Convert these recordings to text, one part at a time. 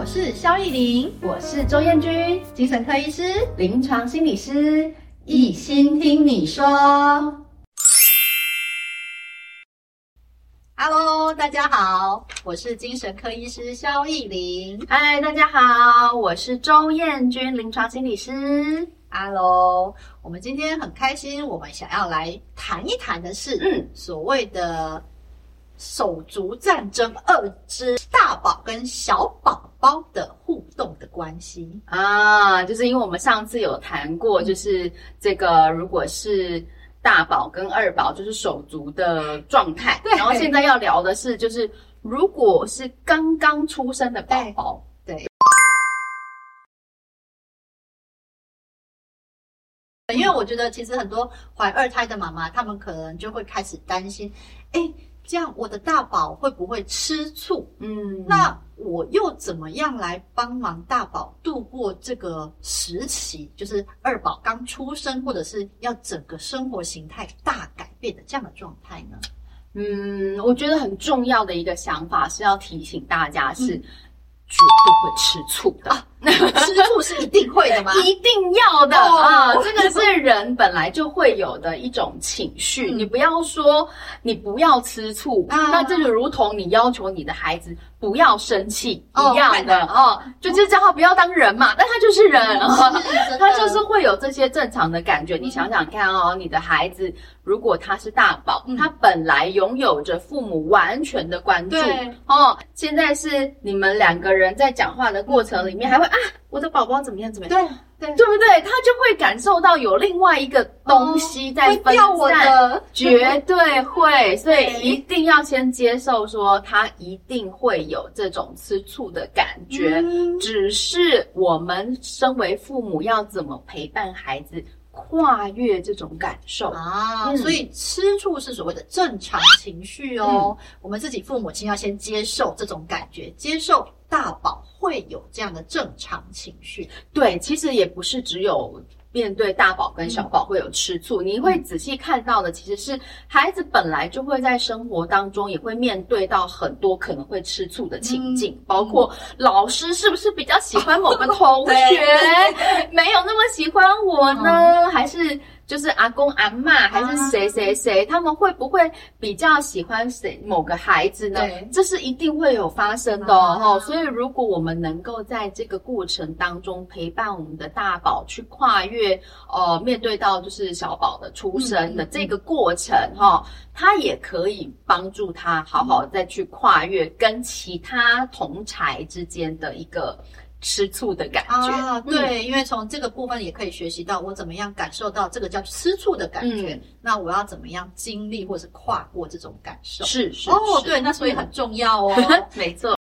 我是蕭亦伶，我是周彥君，精神科醫師、臨床心理師，醫心聽你說。Hello，大家好，我是精神科醫師蕭亦伶。嗨，大家好，我是周彥君，臨床心理師。Hello，我們今天很開心，我們想要來談一談的是，嗯，所謂的手足戰爭二之大寶跟小寶。包的互動的關係啊，就是因為我們上次有談過，就是這個如果是大寶跟二寶就是手足的狀態，對、嗯。然後現在要聊的是，就是如果是剛剛出生的寶寶，對，對，對、嗯。因為我覺得其實很多懷二胎的媽媽，她們可能就會開始擔心，誒這樣，我的大寶會不會吃醋？嗯，那我又怎麼樣來幫忙大寶度過這個時期？就是二寶剛出生或者是要整個生活形態大改變的這樣的狀態呢？嗯，我覺得很重要的一個想法是要提醒大家是，嗯，是絕對會吃醋的。啊那 吃醋是一定會的嗎？ 一定要的啊、oh, 哦，這個是人本來就會有的一種情緒。嗯、你不要說你不要吃醋，uh, 那這就如同你要求你的孩子不要生氣、uh, 一樣的、oh, right. 哦、嗯，就就叫他不要當人嘛，嗯、但他就是人、嗯哦是，他就是會有這些正常的感覺。嗯、你想想看哦，你的孩子如果他是大寶、嗯，他本來擁有着父母完全的關注哦，現在是你們兩個人在講話的過程裡面還會。啊，我的寶寶怎麼樣？怎麼樣？對對，對不對？他就會感受到有另外一個東西在分擔，哦，絕對會，會。所以一定要先接受，說他一定會有這種吃醋的感覺，嗯。只是我們身為父母要怎麼陪伴孩子？跨越這種感受啊、嗯，所以吃醋是所謂的正常情緒哦、嗯。我們自己父母親要先接受這種感覺，接受大寶會有這樣的正常情緒。嗯、對，其實也不是只有。面對大寶跟小寶會有吃醋、嗯，你會仔細看到的其實是孩子本來就會在生活當中也會面對到很多可能會吃醋的情境，嗯、包括老師是不是比較喜歡某個同學， 沒有那麼喜歡我呢？嗯、還是？就是阿公阿嬤，還是誰誰誰，他們會不會比較喜歡誰某個孩子呢？對，這是一定會有發生的哦、啊、所以如果我們能夠在這個過程當中陪伴我們的大寶去跨越，呃，面對到就是小寶的出生的這個過程哈、嗯嗯哦，他也可以幫助他好好再去跨越跟其他同儕之間的一個。吃醋的感覺啊，對、嗯，因為從這個部分也可以學習到我怎麼樣感受到這個叫吃醋的感覺，嗯、那我要怎麼樣經歷或是跨過這種感受？是是哦，是對是，那所以很重要哦， 沒錯。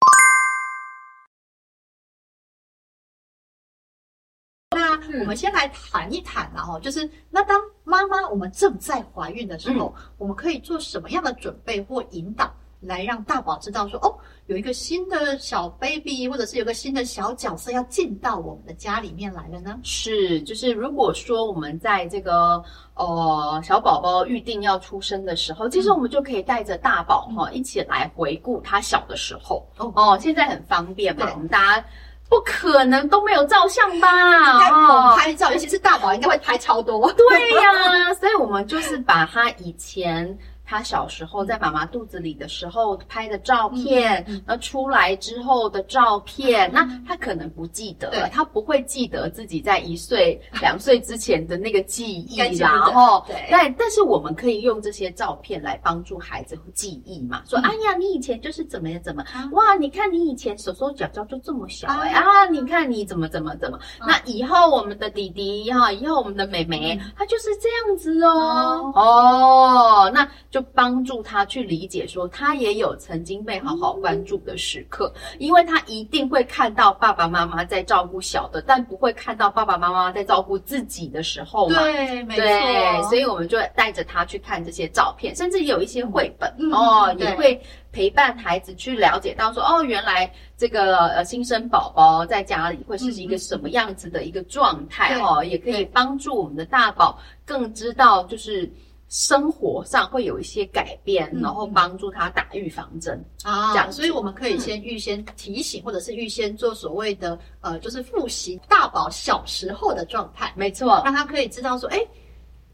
那我們先來談一談啊，然後就是那當媽媽我們正在懷孕的時候，嗯、我們可以做什麼樣的準備或引導？來讓大寶知道說哦，有一個新的小 baby，或者是有個新的小角色要進到我們的家裡面來了呢？是，就是如果說我們在這個呃小寶寶預定要出生的時候，其實我們就可以帶着大寶哈、嗯哦、一起來回顧他小的時候、嗯、哦。現在很方便嘛，我們大家不可能都沒有照相吧？應該我們拍照、哦，尤其是大寶應該會拍超多。 對呀、啊，所以我們就是把他以前。他小時候在媽媽肚子裡的時候拍的照片，那、嗯、出來之後的照片、嗯，那他可能不記得了，他不會記得自己在一歲、兩 歲之前的那個記憶。對，然後，對但但是我們可以用這些照片來幫助孩子記憶嘛？嗯、說，哎呀，你以前就是怎麼樣怎麼，哇、嗯，你看你以前手手腳腳就這麼小，哎呀、哎、呀，你看你怎麼怎麼怎麼，嗯、那以後我們的弟弟哈，以後、以後我們的妹妹，他就是這樣子哦、嗯、哦，那就。幫助他去理解，說他也有曾經被好好關注的時刻，因為他一定會看到爸爸媽媽在照顧小的，但不會看到爸爸媽媽在照顧自己的時候嘛？對，沒錯。所以我們就帶着他去看這些照片，甚至有一些繪本哦，也會陪伴孩子去了解到說，哦，原來這個呃新生寶寶在家裡會是一個什麼樣子的一個狀態哦，也可以幫助我們的大寶更知道就是。生活上會有一些改變，嗯、然後幫助他打預防針啊、嗯，這樣、啊，所以我們可以先預先提醒，嗯、或者是預先做所謂的呃，就是複習大寶小時候的狀態、嗯，沒錯，讓他可以知道說，誒，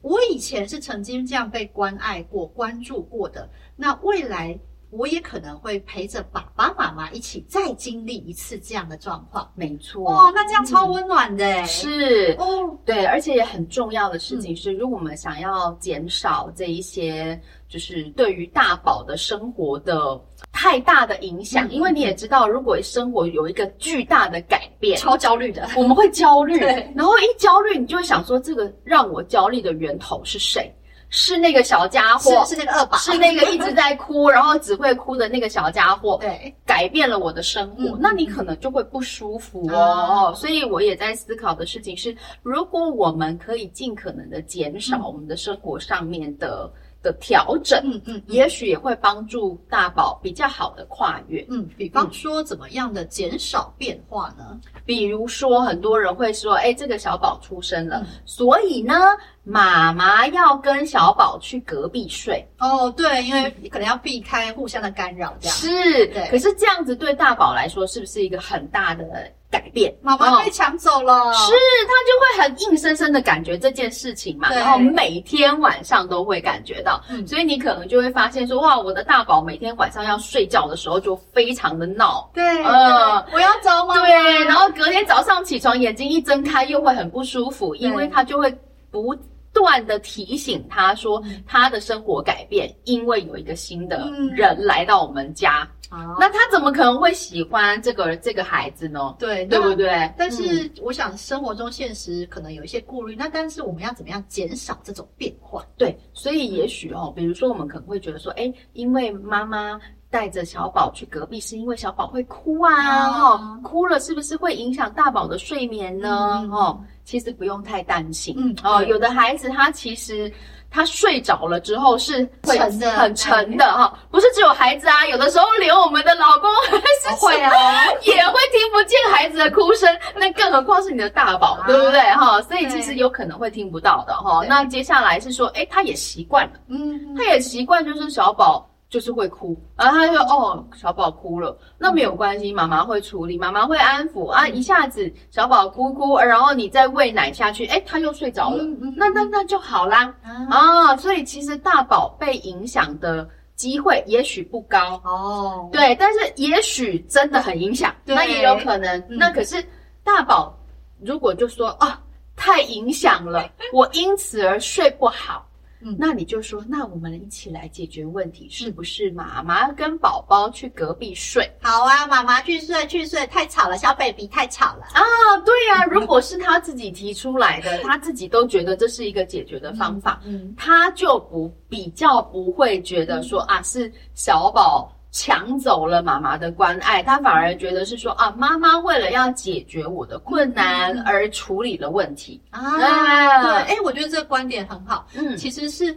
我以前是曾經這樣被關愛過、關注過的，那未來。我也可能會陪着爸爸媽媽一起再經歷一次這樣的狀況，沒錯。哇、哦，那這樣超溫暖的、嗯，是哦，對，而且也很重要的事情是，如果我們想要減少這一些，就是對於大寶的生活的太大的影響，嗯、因為你也知道，如果生活有一個巨大的改變，超焦慮的，我們會焦慮，對。然後一焦慮，你就會想說，這個讓我焦慮的源頭是誰？是那個小家伙是，是那個二寶，是那個一直在哭， 然後只會哭的那個小家伙，對，改變了我的生活，嗯，那你可能就會不舒服哦，嗯。所以我也在思考的事情是，如果我們可以盡可能的減少我們的生活上面的。的調整，嗯嗯，嗯，也許也會幫助大寶比較好的跨越，嗯，比、嗯、方說怎麼樣的減少變化呢？比如說很多人會說，哎、欸，這個小寶出生了，嗯，所以呢，媽媽要跟小寶去隔壁睡。哦，對，因為可能要避開互相的干擾，這樣。是，對。可是這樣子對大寶來說，是不是一個很大的？改變，媽媽被搶走了，是，他就會很硬生生的感覺這件事情嘛，然後每天晚上都會感覺到、嗯，所以你可能就會發現說，哇，我的大寶每天晚上要睡覺的時候就非常的鬧，對，嗯、呃，我要找媽媽，對，然後隔天早上起床眼睛一睜開又會很不舒服，嗯、因為他就會不。不斷的提醒他說他的生活改變，因為有一個新的人來到我們家，嗯、那他怎麼可能會喜歡這個這個孩子呢？對，對不對？但是我想生活中現實可能有一些顧慮、嗯，那但是我們要怎麼樣減少這種變化？對，所以也許哦、嗯，比如說我們可能會覺得說，誒，因為媽媽帶着小寶去隔壁，是因為小寶會哭啊、哦，哭了是不是會影響大寶的睡眠呢？嗯、哦。其實不用太擔心，嗯、哦、嗯，有的孩子他其實他睡着了之後是會很沉的哈，對對對，不是只有孩子啊，對對對，有的時候連我們的老公還是會啊、哦、也會聽不見孩子的哭聲，那 更何況是你的大寶、啊，對不對哈、哦？所以其實有可能會聽不到的哈。對對對，那接下來是說，誒，他也習慣了，嗯，他也習慣就是小寶。就是會哭，然後他就說，哦，小寶哭了，那沒有關係，嗯、媽媽會處理，媽媽會安撫、嗯、啊。一下子小寶哭哭，然後你再餵奶下去，哎，他又睡着了，嗯嗯嗯、那那那就好啦啊、哦。所以其實大寶被影響的機會也許不高哦，對，但是也許真的很影響，嗯、那也有可能。那可是大寶如果就說、嗯、啊，太影響了，我因此而睡不好。嗯，那你就說，那我們一起來解決問題，是不是？媽媽跟寶寶去隔壁睡，好啊，媽媽去睡去睡，太吵了，小 baby 太吵了啊，對啊，如果是他自己提出來的， 他自己都覺得這是一個解決的方法，嗯嗯、他就不，比較不會覺得說、嗯、啊是小寶。搶走了媽媽的關愛，他反而覺得是說啊，媽媽為了要解決我的困難而處理了問題。嗯，啊，對，哎，我覺得這個觀點很好，嗯，其實是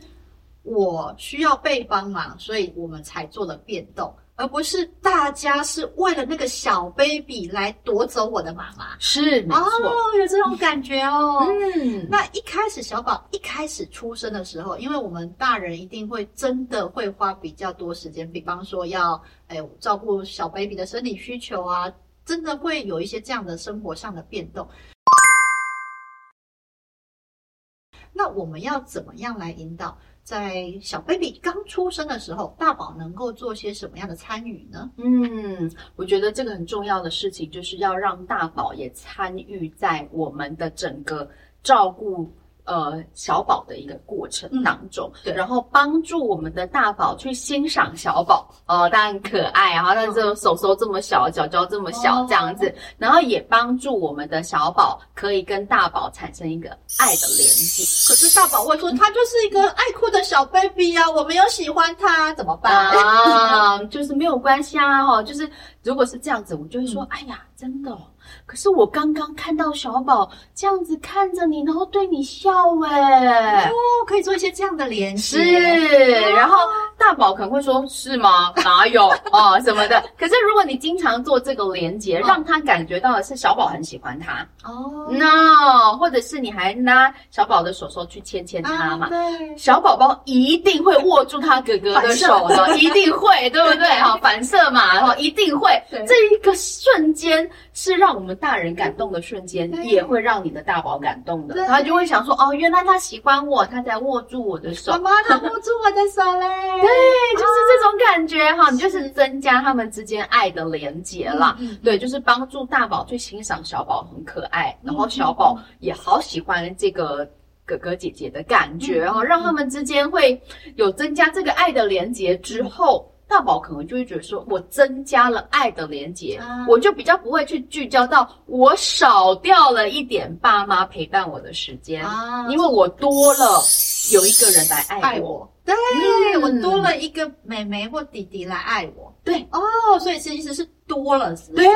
我需要被幫忙，所以我們才做了變動。而不是大家是為了那個小 baby 來奪走我的媽媽，是沒錯，哦，有這種感覺哦。嗯，那一開始小寶一開始出生的時候，因為我們大人一定會真的會花比較多時間，比方說要、哎、照顧小 baby 的生理需求啊，真的會有一些這樣的生活上的變動。嗯、那我們要怎麼樣來引導？在小 baby 剛出生的時候，大寶能夠做些什麼樣的參與呢？嗯，我覺得這個很重要的事情就是要讓大寶也參與在我們的整個照顧。呃，小寶的一個過程當中，對、嗯，然後幫助我們的大寶去欣賞小寶，嗯哦、當然可愛，啊，哦、後他這手手這麼小，腳、哦、腳這麼小、哦、這樣子，然後也幫助我們的小寶可以跟大寶產生一個愛的連接。可是大寶，會、嗯、說他就是一個愛哭的小 baby 啊，我沒有喜歡他、啊，怎麼辦啊？嗯、 就是沒有關係啊、哦，哈，就是如果是這樣子，我就會說、嗯，哎呀，真的、哦。可是我剛剛看到小寶這樣子看着你，然後對你笑、欸，哎，就、哦、可以做一些這樣的連接。是、哦，然後大寶可能會說：“是嗎？哪有啊、 哦？什麼的。”可是如果你經常做這個連接、哦，讓他感覺到的是小寶很喜歡他哦。那或者是你還拿小寶的手手去牽牽他嘛？啊、對，小寶寶一定會握住他哥哥的手啊，一定會，對不對？哈、哦，反射嘛，然後一定會。對這一個瞬間是讓我們。大人感動的瞬間，也會讓你的大寶感動的，他就會想說哦，原來他喜歡我，他在握住我的手，媽媽他握住我的手嘞， 對、啊，就是這種感覺哈，你就是增加他們之間愛的連結啦、嗯嗯嗯，對，就是幫助大寶去欣賞小寶很可愛，嗯嗯嗯然後小寶也好喜歡這個哥哥姐姐的感覺哈、嗯嗯嗯嗯，讓他們之間會有增加這個愛的連結之後。嗯嗯大寶可能就會覺得說，我增加了愛的連結，嗯，我就比較不會去聚焦到我少掉了一點爸媽陪伴我的時間啊，因為我多了有一個人來愛我，嗯，對，我多了一個妹妹或弟弟來愛我，嗯，對，哦，oh,，所以其實其實是多了，對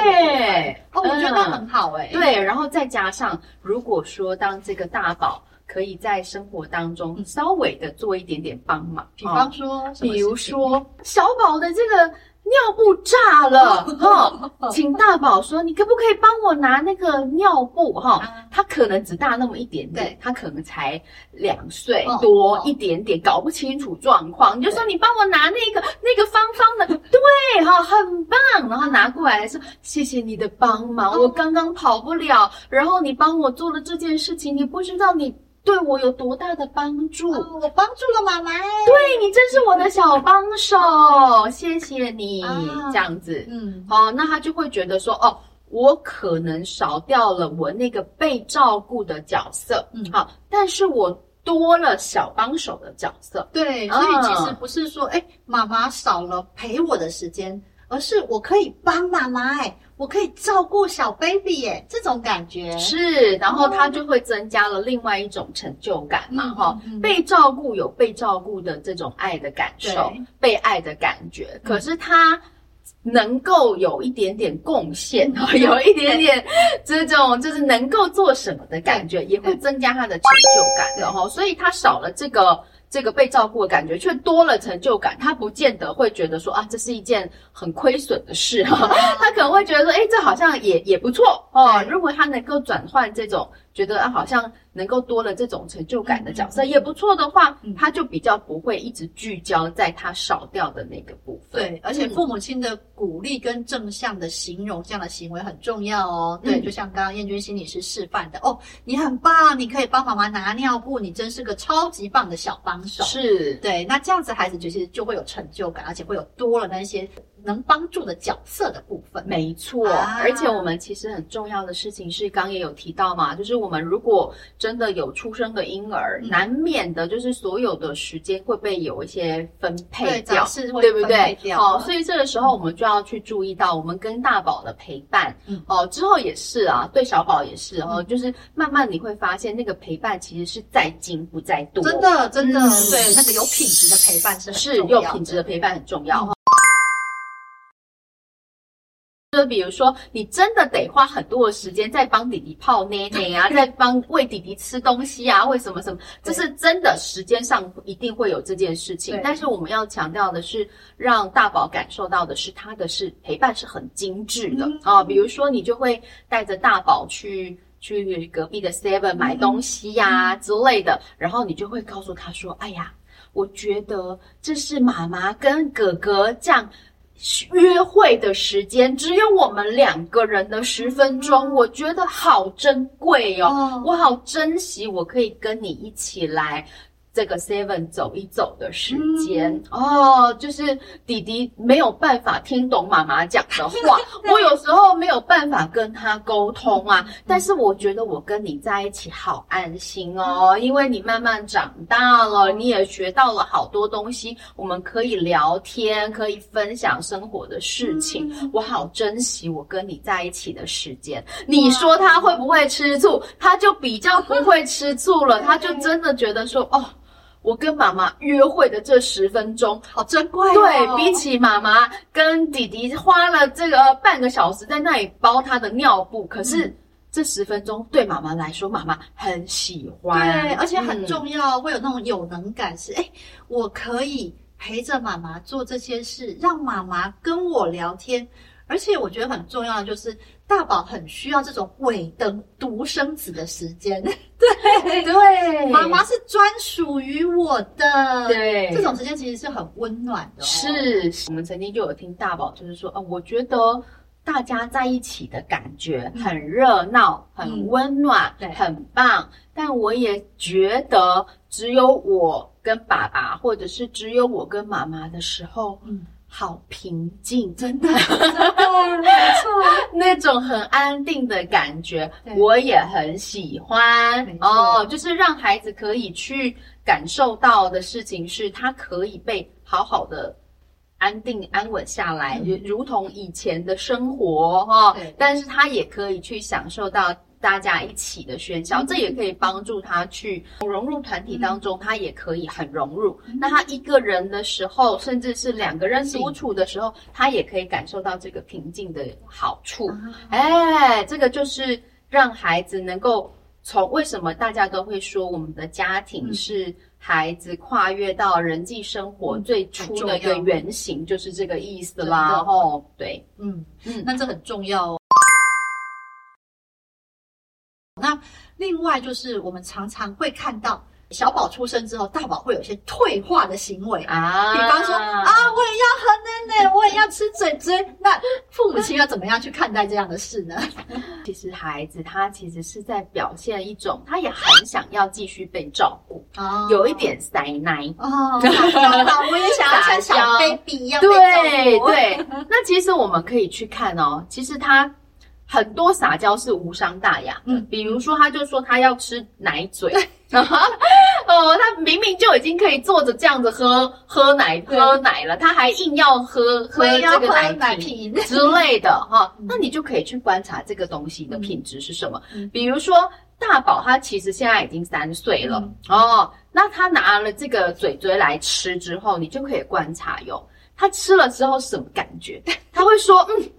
，oh, 我覺得很好哎，欸嗯，對，然後再加上如果說當這個大寶。可以在生活當中稍微的做一點點幫忙、嗯哦，比方說，比如說小寶的這個尿布炸了，哈、 哦，請大寶說你可不可以幫我拿那個尿布，哈、哦，他、嗯、可能只大那麼一點點，他可能才兩歲、哦、多一點點，哦、搞不清楚狀況、哦，你就說你幫我拿那個那個方方的， 對，哈、哦，很棒，然後拿過來說、嗯、謝謝你的幫忙，嗯、我剛剛跑不了，然後你幫我做了這件事情，你不知道你。對我有多大的幫助？嗯、我幫助了媽媽、欸！對，你真是我的小幫手，嗯嗯、謝謝你、啊。這樣子，嗯，好，那他就會覺得說，哦，我可能少掉了我那個被照顧的角色，嗯，好，但是我多了小幫手的角色。嗯、對，所以其實不是說、嗯，哎，媽媽少了陪我的時間。而是我可以幫媽媽欸，我可以照顧小 baby 誒、欸、這種感覺是，然後他就會增加了另外一種成就感嘛，哈、嗯嗯嗯，被照顧有被照顧的這種愛的感受，被愛的感覺，嗯、可是他能夠有一點點貢獻，嗯、 有一點點這種就是能夠做什麼的感覺，也會增加他的成就感，然後，所以他少了這個。這個被照顧的感覺，卻多了成就感。他不見得會覺得說啊，這是一件很虧損的事，哈、啊。他可能會覺得說，哎，這好像也也不錯哦，如果他能夠轉換這種。覺得、啊、好像能夠多了這種成就感的角色，嗯、也不錯的話，嗯，他就比較不會一直聚焦在他少掉的那個部分。對，而且父母親的鼓勵跟正向的形容，嗯、這樣的行為很重要哦。對，嗯、就像剛剛彥君心理師示範的哦，你很棒，你可以幫媽媽拿尿布，你真是個超級棒的小幫手。是，對，那這樣子孩子就其實就會有成就感，而且會有多了那些。能幫助的角色的部分，沒錯、啊。而且我們其實很重要的事情是，剛也有提到嘛，就是我們如果真的有出生的嬰兒，嗯、難免的就是所有的時間會被有一些分配掉，對，是會分配掉對不對？好，所以這個時候我們就要去注意到，我們跟大寶的陪伴，嗯，哦，之後也是啊，對小寶也是、嗯、哦，就是慢慢你會發現，那個陪伴其實是在精不在多，真的真的，對、嗯，那個有品質的陪伴是是，是很重要，有品質的陪伴很重要。嗯嗯就比如說，你真的得花很多的時間在幫弟弟泡奶奶啊， 在幫餵弟弟吃東西啊，為什麼什麼？這是真的，時間上一定會有這件事情。但是我們要強調的是，讓大寶感受到的是他的是陪伴是很精致的、嗯、啊。比如說，你就會帶着大寶去去隔壁的 Seven 買東西呀、啊嗯、之類的，然後你就會告訴他說：“哎呀，我覺得這是媽媽跟哥哥這樣。”約會的時間只有我們兩個人的十分鐘，嗯、我覺得好珍貴哦，哦，我好珍惜，我可以跟你一起來。這個 seven 走一走的時間、嗯、哦，就是弟弟沒有辦法聽懂媽媽講的話， 我有時候沒有辦法跟他溝通啊、嗯。但是我覺得我跟你在一起好安心哦、嗯，因為你慢慢長大了，你也學到了好多東西，我們可以聊天，可以分享生活的事情，嗯、我好珍惜我跟你在一起的時間。嗯、你說他會不會吃醋、嗯？他就比較不會吃醋了，嗯、他就真的覺得說哦。我跟媽媽約會的這十分鐘好珍貴、哦，對，比起媽媽跟弟弟花了這個半個小時在那裡包他的尿布，嗯、可是這十分鐘對媽媽來說，媽媽很喜歡，對，而且很重要，嗯、會有那種有能感是，是、欸、誒，我可以陪着媽媽做這些事，讓媽媽跟我聊天，而且我覺得很重要的就是。大寶很需要這種尾燈獨生子的時間，對對，媽媽是專屬於我的，對，這種時間其實是很溫暖的、哦是。是，我們曾經就有聽大寶就是說，哦、呃，我覺得大家在一起的感覺很熱鬧、嗯、很溫暖、嗯、很棒，但我也覺得只有我跟爸爸，或者是只有我跟媽媽的時候。嗯好平靜、啊，真的，沒錯， 那種很安定的感覺，我也很喜歡。哦，就是讓孩子可以去感受到的事情是，他可以被好好的安定安穩下來，嗯、就如同以前的生活哈、哦。但是，他也可以去享受到。大家一起的喧囂、嗯，這也可以幫助他去融入團體當中，嗯、他也可以很融入、嗯。那他一個人的時候、嗯，甚至是兩個人獨處的時候，他也可以感受到這個平靜的好處。嗯、哎，這個就是讓孩子能夠從為什麼大家都會說我們的家庭是孩子跨越到人際生活最初的一個原型，嗯、就是這個意思啦。哦、然後，對，嗯嗯，嗯，那這很重要哦。另外就是我們常常會看到小寶出生之後，大寶會有一些退化的行為啊，比方說啊，我也要喝奶奶，我也要吃嘴嘴。那父母親要怎麼樣去看待這樣的事呢？其實孩子他其實是在表現一種，他也很想要繼續被照顧，哦、有一點撒奶，大、哦、寶我也想要像小 baby 一樣被照顧。對對，那其實我們可以去看哦，其實他。很多撒嬌是無傷大雅，嗯，比如說，他就說他要吃奶嘴，嗯、 哦，他明明就已經可以坐着這樣子喝喝，喝奶喝奶了，他還硬要喝喝這個奶瓶之類的哈、嗯啊。那你就可以去觀察這個東西的品質是什麼。嗯、比如說大寶他其實現在已經三歲了、嗯、哦，那他拿了這個嘴嘴來吃之後，你就可以觀察喲，他吃了之後什麼感覺？他會說嗯。嗯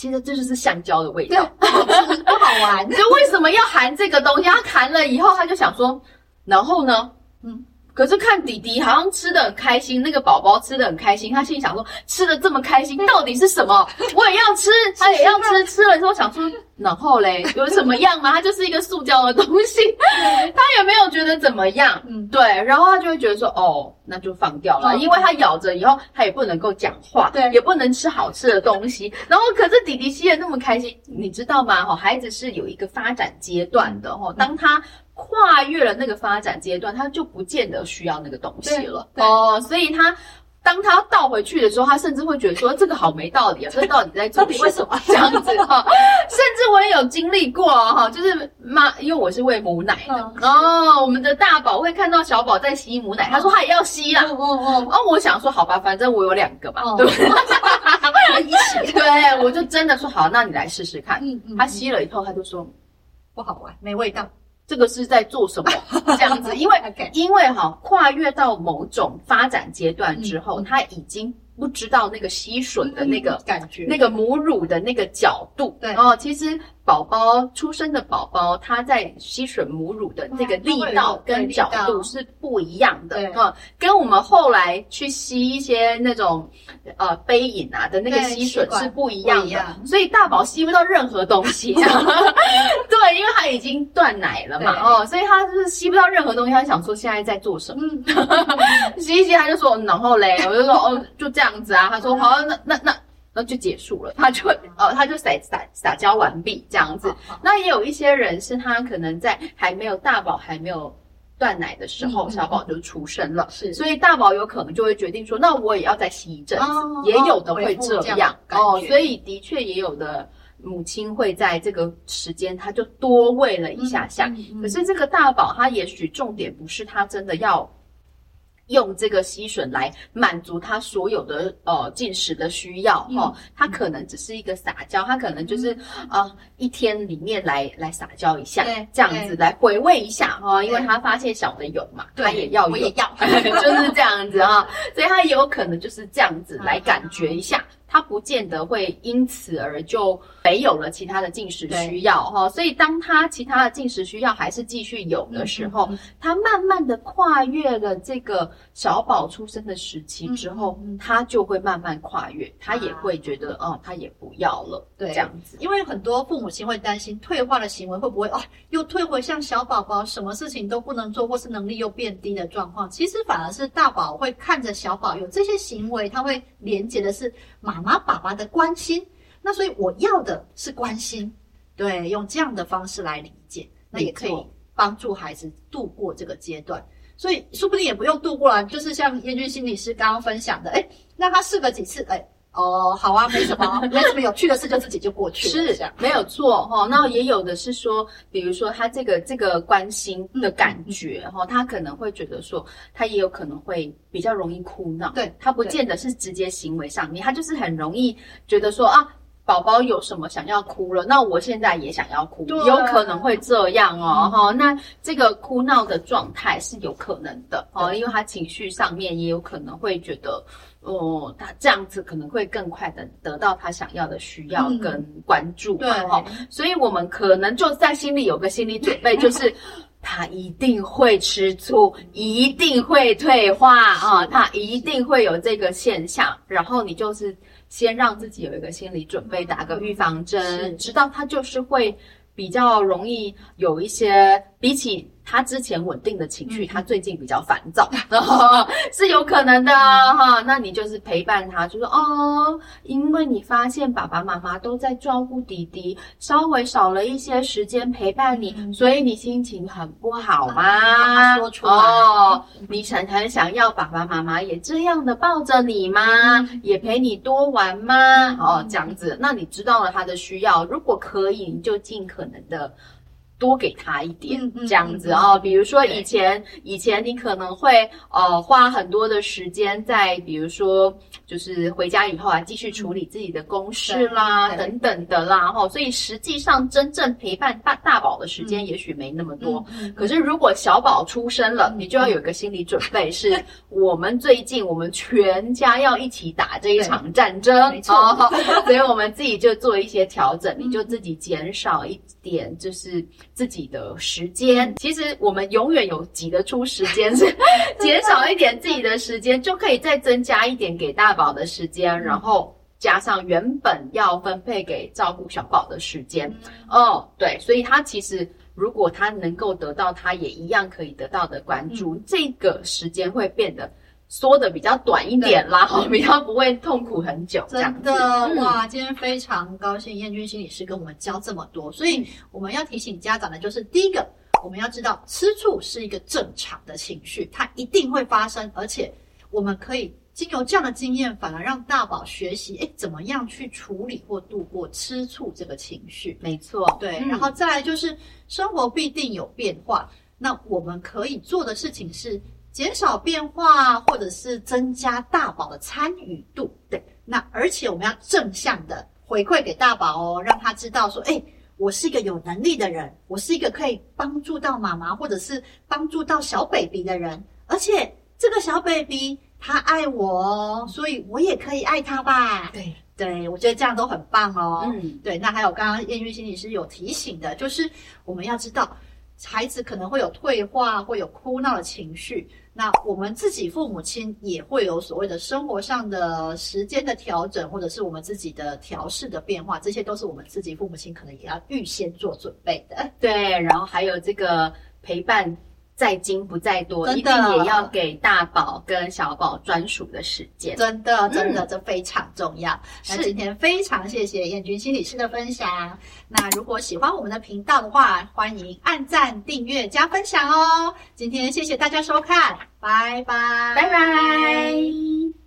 其實這就是橡膠的味道，不好玩。就為什麼要含這個東西？他含了以後，他就想說，然後呢？嗯。可是看弟弟好像吃得很開心，那個寶寶吃得很開心，他心裡想說吃得這麼開心，到底是什麼？我也要吃， 他也要吃。 吃了之後想說，然後嘞有什麼樣嗎？ 他就是一個塑膠的東西，他也沒有覺得怎麼樣。嗯，對。然後他就會覺得說哦，那就放掉了，嗯，因為他咬着以後他也不能夠講話，對，也不能吃好吃的東西。然後可是弟弟吸得那麼開心，你知道嗎？孩子是有一個發展階段的，當他，跨越了那個發展階段，他就不見得需要那個東西了哦。Oh, 所以他當他倒回去的時候，他甚至會覺得說 這個好沒道理啊！ 這到底在這裡為什麼 這樣子？Oh, 甚至我也有經歷過哈，就是媽，因為我是餵母奶的哦、 oh, oh,。我們的大寶會看到小寶在吸母奶，oh, 他說他也要吸啦！哦哦！我想說，好吧，反正我有兩個嘛，oh. 對吧 不對然？一起 對，我就真的說好，那你來試試看。嗯嗯，他吸了以後，他就說不好玩，沒味道。這個是在做什麼 這樣子？因為、 Okay. 因為哈、哦，跨越到某種發展階段之後，嗯、他已經不知道那個吸吮的那個、嗯、感覺，那個母乳的那個角度。對哦，其實。寶寶出生的寶寶，他在吸吮母乳的那個力道跟角度是不一樣的，嗯的跟，樣的哦、跟我們後來去吸一些那種呃杯飲啊的那個吸吮是不一樣的，樣所以大寶吸不到任何東西、啊， 對，因為他已經斷奶了嘛，哦，所以他就是吸不到任何東西。他想說現在在做什麼？嗯嗯、 吸一吸他就說，然後嘞，我就說 哦，就這樣子啊，他說 好，那那那。那就結束了，他就、嗯、哦，他就撒撒撒嬌完畢這樣子、哦哦。那也有一些人是他可能在還沒有大寶還沒有斷奶的時候，嗯、小寶就出生了，嗯、是所以大寶有可能就會決定說，那我也要再吸一陣子、哦。也有的會這樣，哦，哦所以的確也有的母親會在這個時間，他就多餵了一下下、嗯。可是這個大寶他也許重點不是他真的要。用這個吸吮來滿足他所有的呃進食的需要、嗯、哦，他可能只是一個撒嬌，他可能就是啊、嗯呃、一天裡面來來撒嬌一下對，這樣子來回味一下哈，因為他發現小的有嘛，他也要，我也要， 就是這樣子哈、哦， 所以他有可能就是這樣子來感覺一下。好好他不見得會因此而就沒有了其他的進食需要哈、哦，所以當他其他的進食需要還是繼續有的時候，嗯嗯、他慢慢的跨越了這個小寶出生的時期之後，嗯嗯、他就會慢慢跨越，他也會覺得、啊、哦，他也不要了，對，這樣子。因為很多父母親會擔心退化的行為會不會哦又退回像小寶寶什麼事情都不能做，或是能力又變低的狀況，其實反而是大寶會看着小寶有這些行為，他會連結的是。媽媽、爸爸的關心，那所以我要的是關心，對，用這樣的方式來理解，那也可以幫助孩子度過這個階段，所以說不定也不用度過了，就是像彥君心理師剛剛分享的，哎，那他試了幾次，哎。哦，好啊，沒什麼， 沒什麼有趣的事就自己就過去了， 是，沒有錯哈、哦。那也有的是說，比如說他這個這個關心的感覺哈、嗯嗯哦，他可能會覺得說，他也有可能會比較容易哭鬧，對，他不見得是直接行為上面，他就是很容易覺得說啊，寶寶有什麼想要哭了，那我現在也想要哭，有可能會這樣哦哈、嗯哦。那這個哭鬧的狀態是有可能的哦，因為他情緒上面也有可能會覺得。哦，他這樣子可能會更快的得到他想要的需要跟關注、嗯，對。所以我們可能就在心裡有個心理準備，就是他一定會吃醋， 一定會退化啊，他一定會有這個現象。然後你就是先讓自己有一個心理準備，嗯、打個預防針，知道他就是會比較容易有一些比起。他之前穩定的情緒，他、嗯、最近比較煩躁、嗯哦，是有可能的哈、嗯哦。那你就是陪伴他，就說哦，因為你發現爸爸媽媽都在照顧弟弟，稍微少了一些時間陪伴你，嗯、所以你心情很不好嗎？說、嗯嗯嗯、哦，你很很想要爸爸媽媽也這樣的抱着你嗎？嗯、也陪你多玩嗎、嗯？哦，這樣子，那你知道了他的需要，如果可以，你就盡可能的。多給他一點這樣子啊、哦嗯嗯嗯，比如說以前以前你可能會呃花很多的時間在比如說就是回家以後啊繼續處理自己的公事啦等等的啦哈、哦，所以實際上真正陪伴大大寶的時間也許沒那麼多。嗯嗯嗯、可是如果小寶出生了，嗯、你就要有一個心理準備、嗯，是我們最近我們全家要一起打這一場戰爭，沒錯、哦。 所以我們自己就做一些調整，嗯、你就自己減少一點就是。自己的時間，其實我們永遠有擠得出時間， 減少一點自己的時間、嗯，就可以再增加一點給大寶的時間、嗯，然後加上原本要分配給照顧小寶的時間、嗯。哦，對，所以他其實如果他能夠得到，他也一樣可以得到的關注，嗯、這個時間會變得。說的比較短一點啦，哈，然後比較不會痛苦很久。對這樣子真的、嗯、哇，今天非常高興，彥君心理師跟我們教這麼多，所以我們要提醒家長的就是，嗯、第一個，我們要知道吃醋是一個正常的情緒，它一定會發生，而且我們可以經由這樣的經驗，反而讓大寶學習，哎，怎麼樣去處理或度過吃醋這個情緒。沒錯，對，嗯、然後再來就是生活必定有變化，那我們可以做的事情是。減少變化，或者是增加大寶的參與度，對。那而且我們要正向的回饋給大寶哦，讓他知道說：“哎、欸，我是一個有能力的人，我是一個可以幫助到媽媽，或者是幫助到小 baby 的人。而且這個小 baby 他愛我，所以我也可以愛他吧。對”對對，我覺得這樣都很棒哦。嗯，對。那還有剛剛彥君心理師有提醒的，就是我們要知道，孩子可能會有退化，會有哭鬧的情緒。那我們自己父母親也會有所謂的生活上的時間的調整，或者是我們自己的調適的變化，這些都是我們自己父母親可能也要預先做準備的。對，然後還有這個陪伴，在精不在多，一定也要給大寶跟小寶專屬的時間。真的，真的，嗯，這非常重要。那今天非常謝謝彥君心理師的分享。那如果喜歡我們的頻道的話，歡迎按讚、訂閱、加分享哦。今天謝謝大家收看，拜拜，拜拜。拜拜